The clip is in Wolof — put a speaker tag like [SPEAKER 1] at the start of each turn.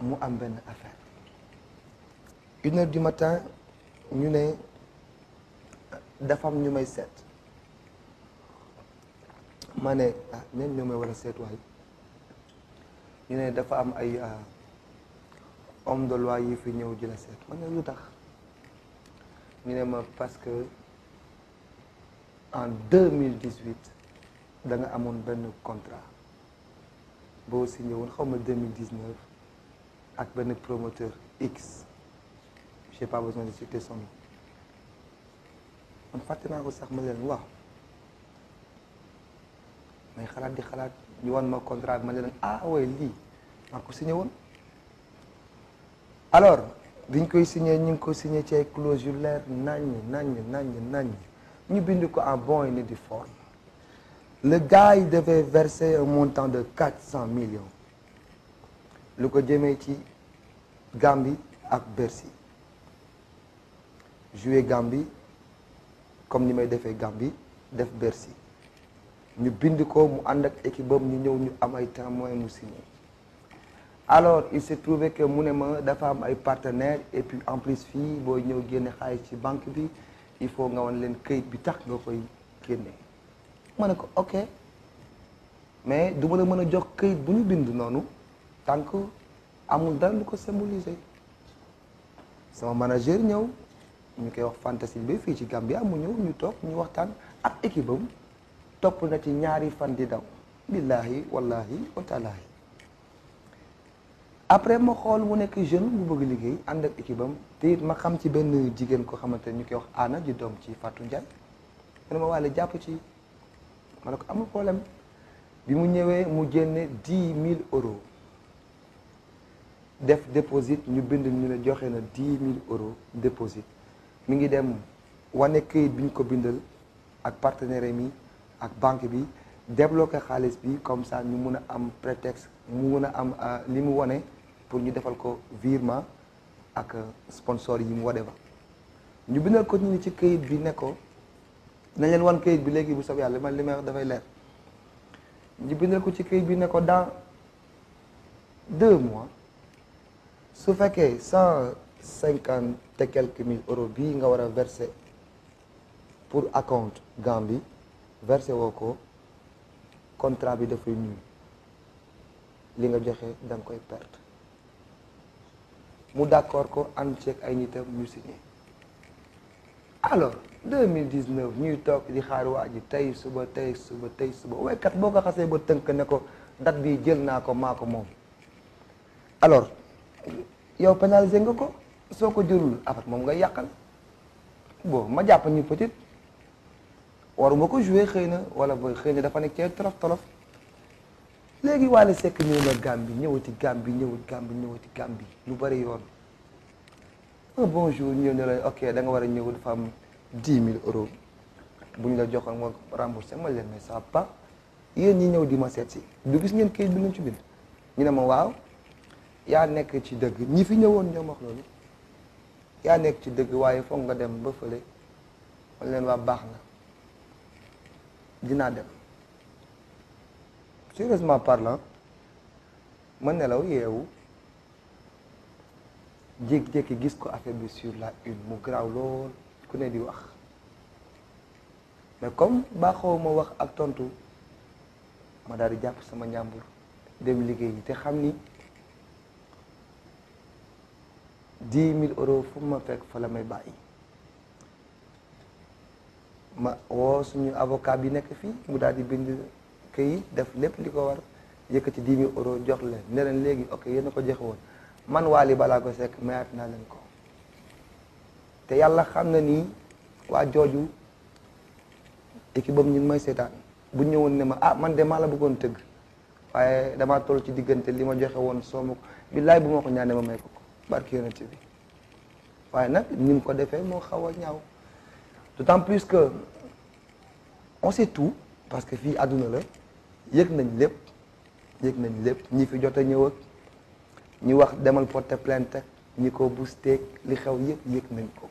[SPEAKER 1] mu am benn affaire une heure du matin ñu ne dafa am ñu may seet ma ne ah ñoom ñoo may war a seet waaye ñu ne dafa am ay ah, homme de loi yi fi ñëw jëla seet ma ne lu tax ñu ne ma parce que en deux mille dix-huit da nga amoon benn contrat boo signé woon xaw ma 2019 ak benn promoteur X j'ai pas besoin de citer son nom man fàtte naa ko sax ma leen waaw may xalaat di xalaat ñu wan ma contrat ma leen ah way lii maa ko signé woon alors biñ koy signé ñu ngi ko signé ci ay clause yu leer nañ naññ nañ naññ ñu bind ko en bonne et di forme le gars yi devait verser un montant de quatre cent millions lu ko jëmee ci Gambie ak Bercy joué Gambie comme ni may defee Gambie def Bercy ñu bind ko mu ànd ak équipe bam ñu ñëw ñu am ay témoin mu signé alors il s'est trouvé que mu ne ma dafa am ay partenaires et puis en plus fii boo ñëw génne xaalis ci banque bi il faut nga wan leen këyit bi tax nga koy génne ma ne ko ok mais du ma la mën a jox kayit bu ñu bind noonu tant que amul dara lu ko symboliser sama manager ñëw ñu koy wax fantasy bi fii ci Gambia mu ñëw ñu toog ñu waxtaan ak équipe am topp na ci ñaari fan di daw billaahi wallaahi wa après ma xool mu nekk jeune bu bëgg liggéey ànd ak équipe am te it ma xam ci benn jigéen ko xamante ñu koy wax Anna ji doom ci Fatou Ndiaye ma ne ma wàlle jàpp ci ma ne ko amul problème bi mu ñëwee mu génne dix mille euros def déposit ñu bind ñu ne joxe na dix mille euros déposit mu ngi dem wane këyit bi ñu ko bindal ak partenaire mi ak banque bi débloqué xaalis bi comme sax ñu mun a am prétexte mu mun a am euh, li mu wane pour ñu defal ko virement ak sponsor yi mu wane ba ñu bindal ko ñu ci këyit bi ne ko dinañ leen wan kayit bi léegi bu soobee yàlla li ma li may wax dafay leer ñu bindal ko ci kayit bi ne ko dans deux mois su fekkee cent cinquante te quelques mille euros bii nga war a verser pour acompte Gambie verser woo ko contrat bi dafay nul li nga joxe da koy perte mu d'accord ko ànd ay nitam ñu signé alors. 2019 ñuy toog di xaar waa ji tey suba tey suba tey suba waykat boo ko xasee ba tënk ne ko date bi jël naa ko maa ko moom alors yow pénalisé nga ko soo ko jëlul afat moom nga yàqal boo ma jàpp ni peut-être ma ko joué xëy na wala booy xëy na dafa nekk ci tolof tolof léegi Wally Seck ñëw na Gambie ñëwati Gambie ñëwati Gambie ñëwati Gambie lu bari yoon un bon jour ñëw ne la ok da nga war a ñëw dafa am dix mille euros bu ñu la joxoon nga remboursé ma leen mais ça pas yéen ñi ñëw di ma seet si du gis ngeen kayit bi luñ ci bind ñu ne ma waaw yaa nekk ci dëgg ñi fi ñëwoon ñoom wax loolu yaa nekk ci dëgg waaye foog nga dem ba fële ma leen waa baax na dinaa dem sérieusement parlant ma nelaw yeewu jékki-jékki gis ko affaire bi sur la une mu graaw lool ku ne di wax mais comme baaxoo ma wax ak tontu ma daal di jàpp sama njàmbur dem liggéey yi te xam ni dix mille euros fu ma fekk fa la may bàyyi ma woo suñu avocat bi nekk fii mu daal di bind këyit def lépp li ko war yëkkati dix mille euros jox leen ne leen léegi ok yéen a ko joxewoon man waali balaa ko Seck mayaat naa leen ko te yàlla xam na ni waa jooju équipe bam ñu ngi may seetaan bu ñëwoon ne ma ah man de maa la bëggoon tëgg waaye damaa toll ci diggante li ma joxe woon soomu billaay bu ma ko ñaanee ma may ko ko barki yonent bi waaye nag ni mu ko defee moo xaw a ñaaw en plus que on sait tout parce que fii àdduna la yëg nañ lépp yëg nañ lépp ñi fi jot a ñëw ak ñi wax demal porter plainte ñi ko boosté li xew yëpp yëg nañ ko